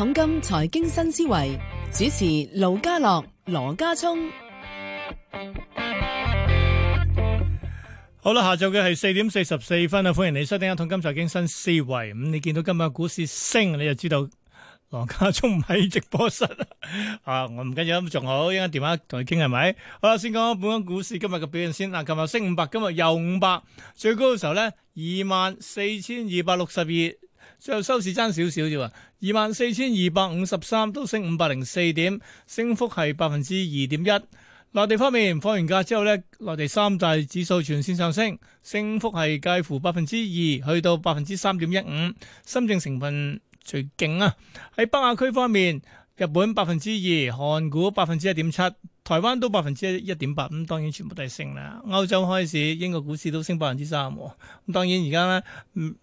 《一桶金財經新思維》主持盧家樂、羅家聰，好啦，下晝嘅係四點四十四分啊！歡迎你收聽《一桶金財經新思維》。咁你見到今日股市升，你就知道羅家聰唔喺直播室啦。 啊，我唔緊要，咁仲好，一陣間電話同佢傾係咪？好啦，先講下本港股市今日嘅表現先。嗱，琴日升五百，今日又五百，最高嘅時候咧，二萬四千二百六十二。24, 最後收市爭少少啫喎，二萬四千二百五十三都升五百零四點，升幅係百分之二點一。內地方面放完假之後咧，內地三大指數全線上升，升幅係介乎百分之二去到百分之三點一五。深圳成分最勁啊！喺北亞區方面，日本百分之二，韓股百分之一點七，台灣都百分之一點八。咁當然全部都係升啦。歐洲開始，英國股市都升百分之三。咁當然而家咧，嗯。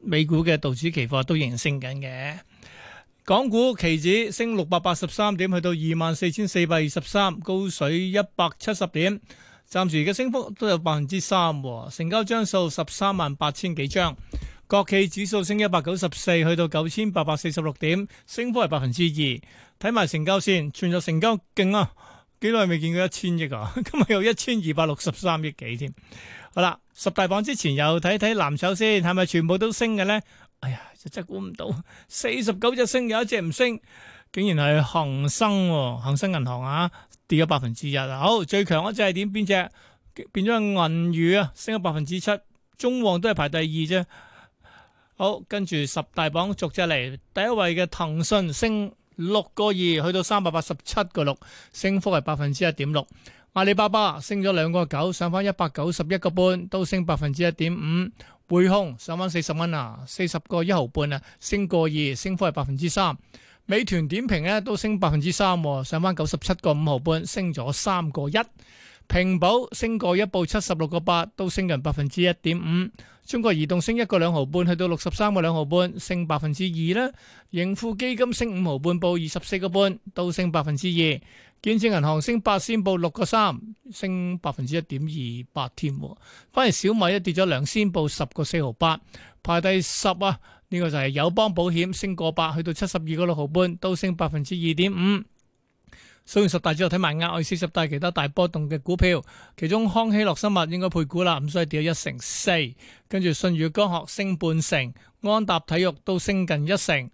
美股嘅道指期貨、啊、都仍升緊嘅，港股期指升六百八十三點，去到二萬四千四百二十三，高水一百七十點，暫時嘅升幅都有百分之三，成交張數十三萬八千幾張，國企指數升一百九十四，去到九千八百四十六點，升幅係百分之二，睇埋成交先，全日成交勁啊，幾耐未見過一千億啊，今日有一千二百六十三億幾添。好啦，十大榜之前又睇睇藍籌先，係咪全部都升嘅咧？哎呀，真估唔到，四十九隻升，有一隻唔升，竟然係恒生、哦，恒生銀行啊，跌咗百分之一啊。好，最強嗰隻係點？邊隻變咗銀魚啊，升咗百分之七，中旺都係排第二啫。好，跟住十大榜逐隻嚟，第一位嘅騰訊升六個二，去到三百八十七個六，升幅係百分之一點六。阿里巴巴升咗兩個九，上翻一百九十一個半，都升百分之一點五。匯控上翻四十蚊啊，四十個一毫半啊，升個二，升幅係百分之三。美團點評咧都升百分之三，上翻九十七個五毫半，升咗三個一。平保升個一，報七十六個八，都升近百分之一點五。中國移動升一個兩毫半，去到六十三個兩毫半，升百分之二啦。盈富基金升五毫半，報二十四個半，都升百分之二。建設銀行升八仙報六個三，升百分之一點二八添。反而小米啊跌咗兩仙報十個四毫八，排第十啊。呢、這個就係友邦保險升過百去到七十二個六毫半，都升百分之二點五。數完十大之後睇埋壓尾四十大其他大波動嘅股票，其中康希諾生物應該配股啦，咁所以跌咗一成四。跟住信宇光學升半成，安踏體育都升近一成。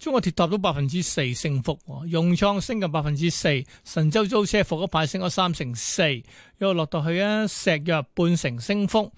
中國鐵塔都百分之四升幅，融創升近百分之四，神州租車復一排升咗三成四，又落到去啊，石藥半成升幅，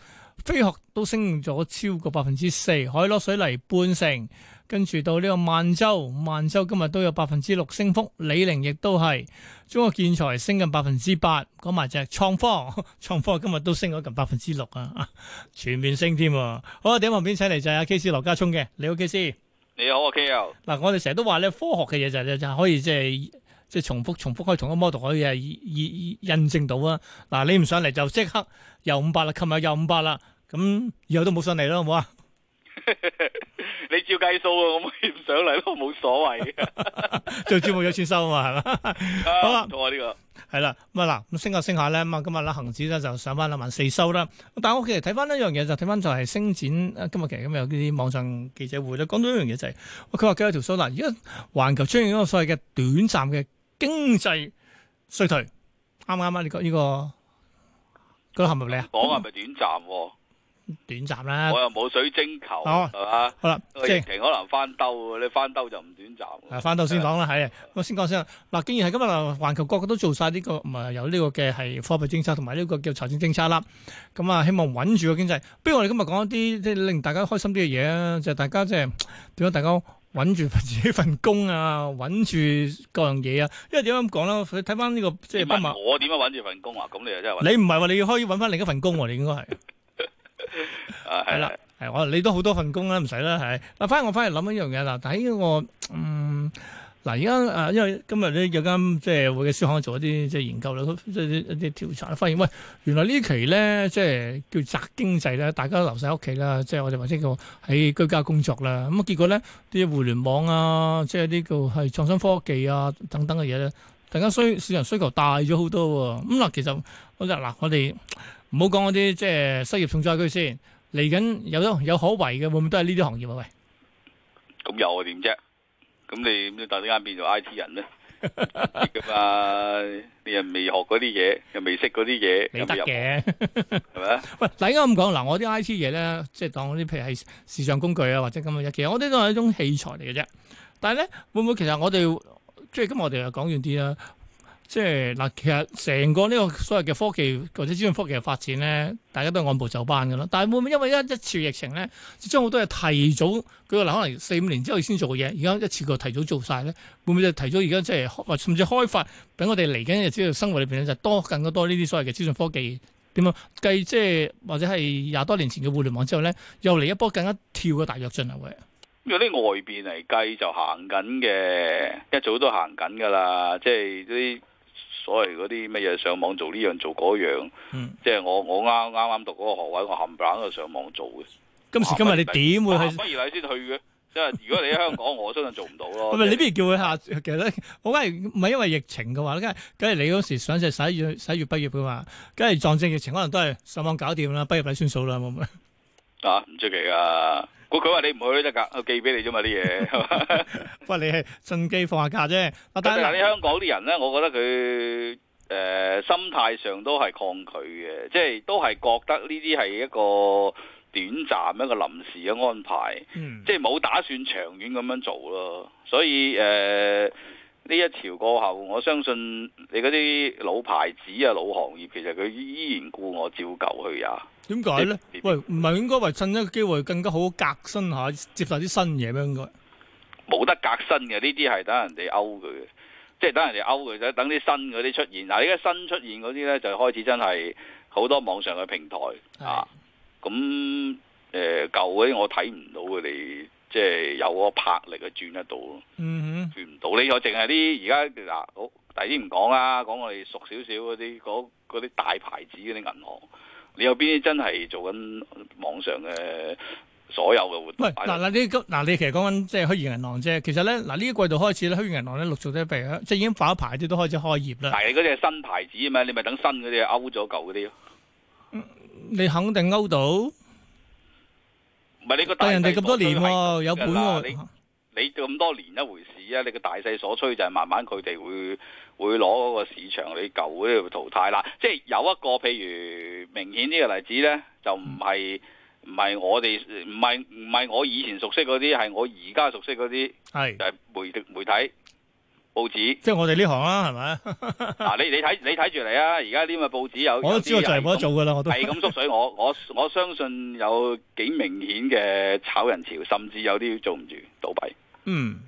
飛鶴都升咗超過百分之四，海螺水泥半成，跟住到呢個萬洲。萬洲今日都有百分之六升幅，李寧亦都係，中國建材升近百分之八，講埋隻創科，創科今日都升咗近百分之六啊，全面升添啊。好啊，點旁邊請嚟就係阿 KC 羅家聰嘅，你好 KC。你好啊，Ko。嗱，我哋成日都話咧，科學嘅嘢就、就、就可以即係即係重複重複可以同一個 model 可以係印證到啊。嗱、啊，你唔上嚟就即刻又五百啦，琴日又五百啦。咁、嗯、以後都冇上嚟啦，好唔好啊？ 你照計數啊，我咪唔上嚟咯，冇所謂。做節目有錢收啊嘛，係嘛？好 啊，唔錯呢個。係啦，咁啊嗱，咁升下升下咧，咁啊今日啦，恆指咧就上翻啦，萬四收啦。但係我其實睇翻一樣嘢就睇翻就係星展，今日其實咁有啲網上記者會咧，講到一樣嘢就係，佢話幾有條數嗱，而家環球出現嗰個所謂嘅短暫嘅經濟衰退，啱唔啱啊？呢個呢個合唔合理啊，講係咪短暫？短暫啦，我又冇水晶球，係嘛？好啦，疫情可能翻兜，你翻兜就唔短暫。嗱，翻兜先講啦，係我先講先。嗱，既然係今日環球各個都做晒呢個，唔係有呢個嘅係貨幣政策同埋呢個叫財政政策啦。咁啊，希望穩住個經濟。不如我哋今日講一啲即係令大家開心啲嘅嘢啊，就大家即係點解大家穩住自己份工啊，穩住各樣嘢啊。因為點樣咁講咧？睇翻呢個即係問我點樣穩住份工啊？咁你又真係你唔係話你要可以穩翻另一份工喎？你應該係。係啦，係、 啊、 我你都好多份工啦，唔使啦，係。嗱，反而我翻嚟諗一樣嘢啦。但喺我、這個、嗯嗱，而家誒，因為今日咧有間即係會嘅書行做一啲即係研究啦，即係一啲調查，發現喂，原來呢期咧即係叫宅經濟咧，大家都留晒屋企啦，即係、呃、我哋話即係叫喺居家工作啦。咁啊，結果咧啲互聯網啊，即係呢個係創新科技啊等等嘅嘢咧，大家需市場需求大咗好多、啊。咁、嗯、嗱，其實嗰日嗱，我哋。唔好講嗰啲即係失業重災區先，嚟緊有有可為嘅，會唔會都係呢啲行業啊？喂，咁又啊？點啫？咁你都突然間變做 I T 人咧？噶嘛、 啊？你又未學嗰啲嘢，又識未識嗰啲嘢，未咪入？係咪啊？嗱，大家咁講嗱，我啲 I T 嘢咧，即係當嗰啲譬如係視像工具啊，或者咁嘅嘢，其實我啲都係一種器材嚟嘅啫。但係咧，會唔會其實我哋即係今日我哋又講完啲啦。即係嗱，其實成個呢個所謂嘅科技或者資訊科技嘅發展咧，大家都按部就班㗎啦。但係會唔會因為一一次疫情咧，將好多嘢提早，佢可能四五年之後先做嘅嘢，而家一次過提早做晒咧，會唔會就提早而家即係甚至開發俾我哋嚟緊嘅生活裏邊咧，就多更加多呢啲所謂嘅資訊科技點樣計？即係或者係廿多年前嘅互聯網之後咧，又嚟一波更加跳嘅大躍進啊！會因為啲外邊嚟計就行緊嘅，一早都行緊㗎啦，即係啲。所謂嗰啲乜嘢上網做呢樣做嗰樣，嗯、即係我我啱啱啱讀嗰個學位，我冚唪唥都上網做嘅。今時今日你點會去？香港、啊去啊、不如你先去嘅？即係 如果你喺香港，我真係做唔到咯。唔係你不如叫佢下，其實咧，我梗係唔係因為疫情嘅話咧？梗係梗係你嗰時想係洗月十月畢業嘅嘛，梗係撞正疫情，可能都係上網搞掂啦，畢業禮算數啦，冇啊！唔出奇啊。佢佢話你唔去都得噶，我寄俾你啫嘛啲嘢。喂，你係趁機放下假啫。但係你香港啲人呢，我覺得佢誒、呃、心態上都係抗拒嘅，即係都係覺得呢啲係一個短暫一個臨時嘅安排，嗯、即係冇打算長遠咁樣做咯。所以誒呢、呃、一潮過後，我相信你嗰啲老牌子啊、老行業，其實佢依然故我照舊去啊。點解咧？喂，唔係應該話趁一個機會更加好革新下，接受啲新嘢咩？應該冇得革新嘅，呢啲係等人哋勾佢嘅，即係等人哋勾佢，等等啲新嗰啲出現。嗱，而家新出現嗰啲咧，就開始真係好多網上嘅平台是啊。咁誒，舊嗰啲我睇唔到佢哋即係有嗰魄力去轉得到咯。嗯哼，轉唔到。呢個淨係啲而家嗱，好第啲唔講啦，講我哋熟少少嗰啲，嗰啲大牌子嗰啲銀行。你有邊啲真係做緊網上嘅所有嘅活動？嗱嗱，你嗱，你其實講緊即係虛擬銀行啫。其實咧，嗱呢一季度開始咧，虛擬銀行咧陸續都譬如即係已經發咗牌，都都開始開業啦。但係嗰啲係新牌子啊嘛，你咪等新嗰啲勾咗舊嗰啲咯。你肯定勾到？唔係你個但人哋咁多年喎、啊，有本喎、啊。你咁多年一回事啊！你個大勢所趨就係慢慢佢哋會會攞嗰個市場，你舊嗰啲會淘汰啦。即係有一個譬如明顯呢個例子呢，就唔係唔係我哋唔係唔係我以前熟悉嗰啲，係我而家熟悉嗰啲，係就係、是、媒媒體。報紙即係我哋呢行啦，係咪啊？你你睇你睇住嚟啊！而家啲咁嘅報紙有，我都知我就係唔得做噶啦。我都係咁縮水。我我我相信有幾明顯嘅炒人潮，甚至有啲做唔住倒閉。嗯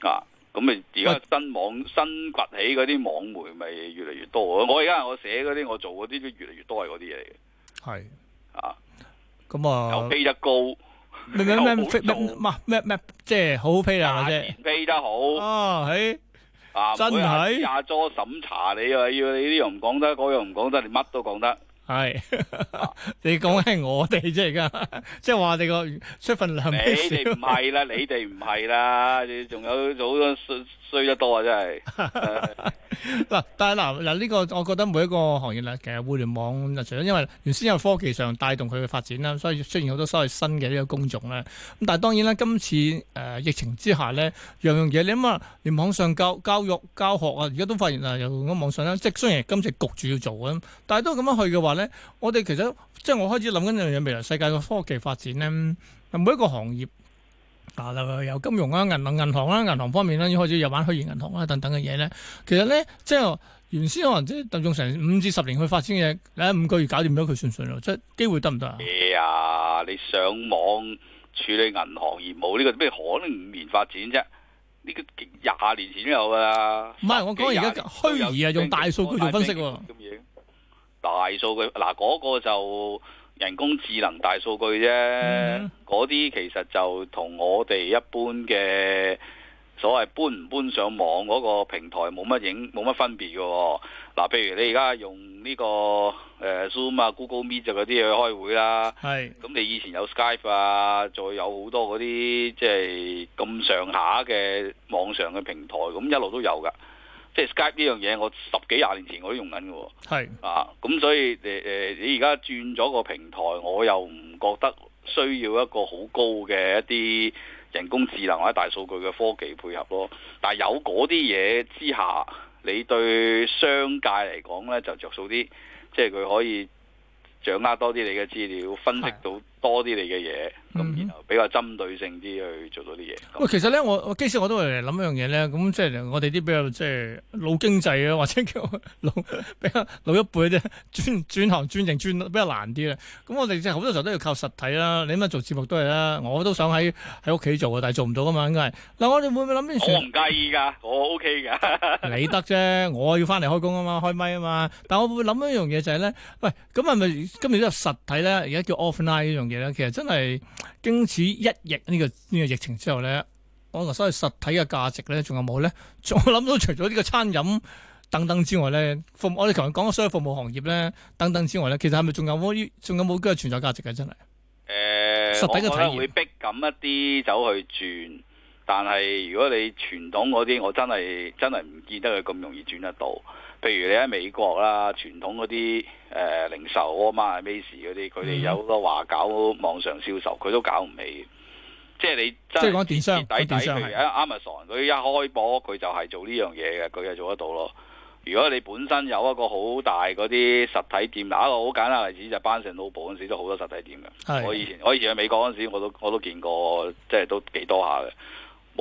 啊，咁咪而家新網新崛起嗰啲網媒咪越嚟越多。我而家我寫嗰啲，我做嗰啲都越嚟越多係嗰啲嘢嚟嘅。係啊，咁啊，飛得高，咩咩咩即係好好飛啦，係飛得好啊，係。啊！每是下廿桌審查你啊，要你呢樣唔講得，嗰樣唔講得，你乜都講得。係， 你講緊係我哋啫，而家即係話你哋個出份糧你哋唔係啦，你哋唔係啦，你仲有好多衰得多啊！真係。嗱，但係嗱嗱呢個，我覺得每一個行業啦，其實互聯網除咗因為原先有科技上帶動佢嘅發展啦，所以出現好多所謂新嘅呢個工種咧。咁但係當然啦，今次誒疫情之下咧，樣樣嘢你諗啊，連網上教教育教學啊，而家都發現啊，由網上咧，即係雖然今次焗住要做啊，但係都咁樣去嘅話我哋其實即係我開始諗緊一樣嘢，未來世界個科技發展咧，每一個行業啊，由金融啊、銀銀行啦、銀行方面啦，已經開始有玩虛擬銀行啦等等嘅嘢咧。其實咧，即係原先可能即係用成五至十年去發展嘅嘢，喺五個月搞掂咗佢算唔算啊？即係機會得唔得啊？誒、哎、呀，你上網處理銀行業務呢個咩可能五年發展啫？呢、這個廿年前都有噶。唔係，我講而家虛擬啊，用大數據做分析、啊。大數據嗱嗰、那個就人工智能大數據啫，嗰啲、mm hmm. 其實就同我哋一般嘅所謂搬唔搬上網嗰個平台冇乜影冇乜分別嘅、哦。嗱、啊，譬如你而家用呢、這個誒、呃、Zoom 啊、Google Meet 啊嗰啲去開會啦，係咁、mm hmm. 你以前有 Skype 啊，再有好多嗰啲即係咁上下嘅網上嘅平台，咁一路都有㗎。即係 Skype 呢樣嘢，我十幾廿年前我都用緊嘅喎。是啊，咁所以誒誒、呃，你而家轉咗個平台，我又唔覺得需要一個好高嘅一啲人工智能或者大數據嘅科技配合咯。但係有嗰啲嘢之下，你對商界嚟講咧就着數啲，即係佢可以掌握多啲你嘅資料，分析到。多啲你嘅嘢，咁、嗯、然後比較針對性啲去做到啲嘢。喂，其實咧，我我即使我都嚟諗一樣嘢咧，咁即係我哋啲比較即係老經濟啊，或者叫老比較老一輩咧，轉轉行轉型轉比較難啲嘅。咁我哋即係好多時候都要靠實體啦。你點做節目都係啦，我都想喺喺屋企做啊，但係做唔到噶嘛，應該係。嗱，我哋會唔會諗啲？我唔介意㗎，算我 OK 㗎。 你得啫，我要翻嚟開工啊嘛，開咪啊嘛。但我會諗一樣嘢就係、是、咧，喂，咁係咪今日都有實體咧？而家叫 offline 呢樣？嘢咧，其實真係經此一役、這個，呢個呢個疫情之後咧，我話所謂實體嘅價值咧，仲有冇咧？我諗到除咗呢個餐飲等等之外咧，服我哋琴日講咗所有服務行業咧等等之外咧，其實係咪仲有冇仲有冇嗰個存在價值嘅？真係誒，呃、實體嘅體驗會逼噉一啲走去轉。但係如果你傳統嗰啲，我真係真係唔見得佢咁容易轉得到。譬如你喺美國啦，傳統嗰啲誒零售，我阿媽係 Macy 嗰啲，佢哋有個話搞網上銷售，佢都搞唔起。即係你即係講電商，底底商係。Amazon 佢的一開播，佢就係做呢樣嘢嘅，佢就做得到咯。如果你本身有一個好大嗰啲實體店，打個好簡單例子就班士老部嗰陣時都好多實體店嘅的。我以前我以前喺美國嗰陣時，我都我都見過，即係都幾多下嘅。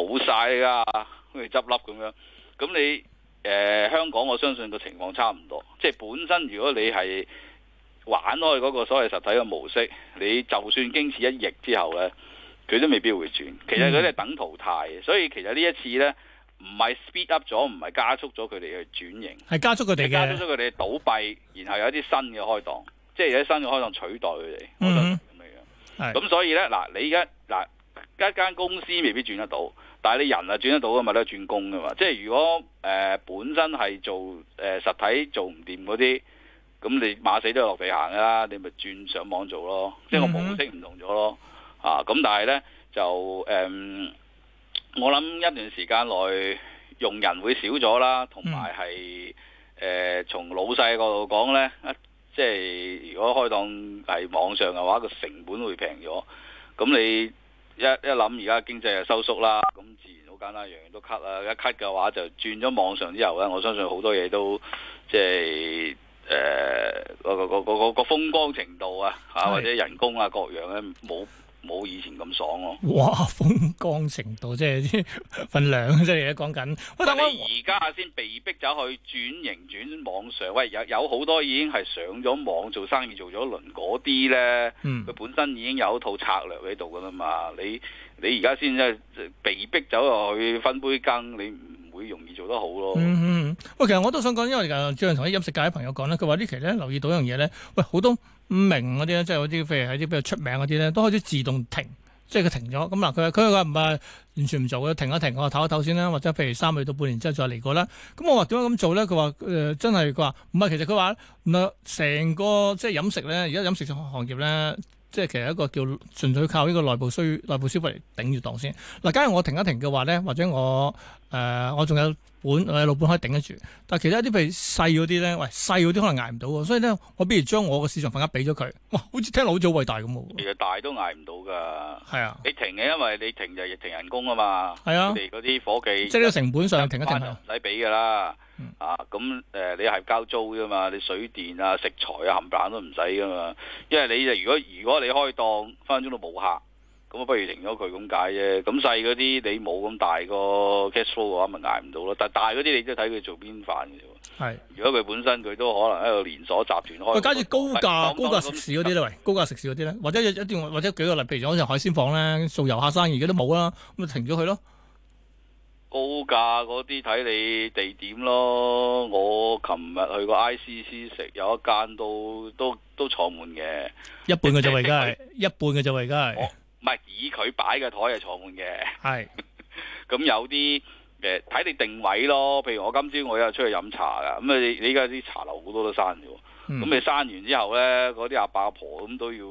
冇晒噶，好似執笠咁樣。咁你誒、呃，香港我相信個情況差唔多。即係本身，如果你係玩開嗰個所謂實體嘅模式，你就算經此一役之後咧，佢都未必會轉。其實佢哋等淘汰。所以其實呢一次咧，唔係 speed up 咗，唔係加速咗佢哋去轉型，係加速佢哋嘅。加速咗佢哋倒閉，然後有一啲新嘅開檔，即係有啲新嘅開檔取代佢哋。嗯、我覺得咁樣，咁的所以咧嗱，你而家嗱。一間公司未必轉得到，但係你人啊轉得到㗎嘛？都係轉工㗎嘛？即係如果誒、呃、本身係做誒、呃、實體做唔掂嗰啲，咁你馬死都落地行㗎啦，你咪轉上網做咯，即係個模式唔同咗咯嚇。咁、啊、但係咧就誒、嗯，我諗一段時間內用人會少咗啦，同埋係誒從老細嗰度講咧、啊，即係如果開檔係網上嘅話，個成本會平咗，咁你。一一諗而家經濟又收縮啦，咁自然好簡單，樣樣都 cut 啦。一 cut 嘅話就轉咗網上之後咧，我相信好多嘢都即係誒個個個個風光程度啊，吓或者人工啊各樣咧冇。冇以前咁爽咯，啊，哇！風光程度即係 分量即係咧，講緊，但你而家先被逼走去轉型轉網上，喂有有好多已經係上咗網做生意做咗一輪嗰啲咧，佢、嗯、本身已經有一套策略喺度噶啦嘛，你你而家先即係被逼走落去分杯羹，你會容易做得好咯。嗯嗯，喂，其實我都想講，因為最近同啲飲食界嘅朋友講咧，佢話呢期咧留意到一樣嘢咧，喂、欸，好多唔明嗰啲咧，即係嗰啲譬如喺啲比較出名嗰啲咧，都開始自動停，即係佢停咗。咁嗱，佢話佢唔係完全唔做嘅，停一停，我話唞一唞先啦，或者譬如三月到半年之後再嚟過啦。咁我話點解咁做咧？佢話誒真係佢話唔係，其實佢話嗱成個即係飲食咧，而家飲食行業咧，即係其實一個叫純粹靠呢個內部需內部消費嚟頂住檔先。嗱，假如我停一停嘅話咧，或者我，誒、呃，我仲有本，我老本可以頂得住。但係其他啲譬如細嗰啲咧，喂，細嗰啲可能捱唔到喎。所以咧，我不如將我個市場份額俾咗佢。哇，好似聽落好似好偉大咁喎。其實大都捱唔到㗎。係啊，你停嘅，因為你停就停人工啊嘛。係啊，啲夥計，即係呢成本上停一停就唔使俾㗎啦。嗯、啊，咁誒、呃，你係交租㗎嘛？你水電啊、食材啊、冚唪唥都唔使㗎嘛。因為你就如果如果你開檔，分分鐘都冇客。咁啊，不如停咗佢咁解啫。咁細嗰啲你冇咁大個 cash flow 嘅話，咪捱唔到咯。但係大嗰啲你都睇佢做邊範嘅啫。係是，如果佢本身佢都可能喺度連鎖集團開。喂、哎，加住高價高價食肆嗰啲咧，喂，高價食肆嗰啲咧，或者一段或者舉個例，譬如講就海鮮房咧，做遊客生意而家都冇啦，咁啊停咗佢咯。高價嗰啲睇你地點咯。我琴日去過 ICC 食，有一間都都都坐滿嘅 ，一半嘅就而家係，一半嘅就而家係。唔係以佢擺嘅台係坐滿嘅，係咁有啲誒，睇你定位咯。譬如我今朝我有出去飲茶噶，咁你你依家啲茶樓好多都閂咗，咁你閂完之後咧，嗰啲阿伯阿婆咁都要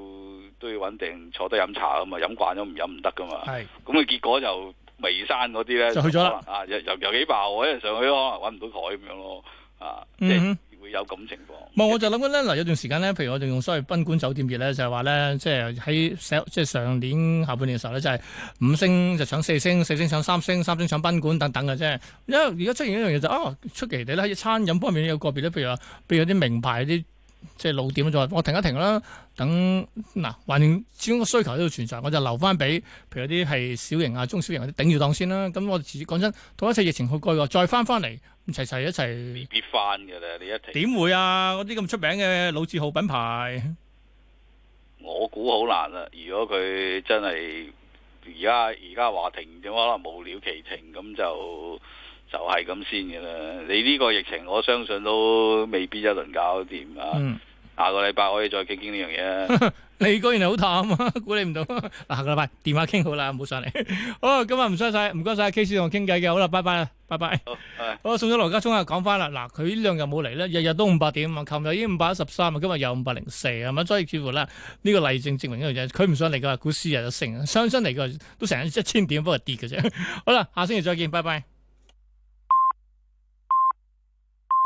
都要穩定坐低飲茶噶嘛，飲慣咗唔飲唔得噶嘛，係咁佢結果就未閂嗰啲咧就去咗啦啊，又又幾爆，因為上去可能搵唔到台咁樣咯啊。有咁情況，唔係我就諗緊咧，嗱有段時間咧，譬如我哋用所謂賓館酒店業咧，就係話咧，即係喺即係上年下半年嘅時候咧，就係、是、五星就搶四星，四星搶三星，三星搶賓館等等嘅啫。因為而家出現一樣嘢就哦出奇地咧，喺餐飲方面有個別咧，譬如話，譬如有啲名牌啲。即係老點咗，我停一停啦，等嗱，還始終個需求都要存在，我就留翻俾，譬如有啲係小型啊、中小型嗰啲頂住檔先啦。咁我哋講真，同一切疫情過過再翻翻嚟，齊齊一齊。必翻㗎啦！你一停點會啊？嗰啲咁出名嘅老字號品牌，我估好難啦。如果佢真係而家而家話停，點可能無了期停咁就。就係咁先嘅啦，你呢個疫情我相信都未必一輪搞掂啊！嗯、下個禮拜可以再傾傾呢樣嘢。 你果然係好淡啊，估你唔到。嗱， 下個禮拜電話傾好啦，唔好上嚟。 好，今日唔該晒，唔該晒，KC 同我傾偈嘅，好啦，拜拜，拜拜。 好，拜拜，好，送咗羅家聰啊，講翻啦。嗱，佢呢兩日冇嚟咧，日日都五百點啊，琴日已經五百一十三啊，今日又五百零四係嘛，所以似乎咧呢個例證證明一樣嘢，佢唔上嚟嘅，股市日日升；上新嚟嘅都成一千點，不過跌嘅啫。 好啦，下星期再見，拜拜。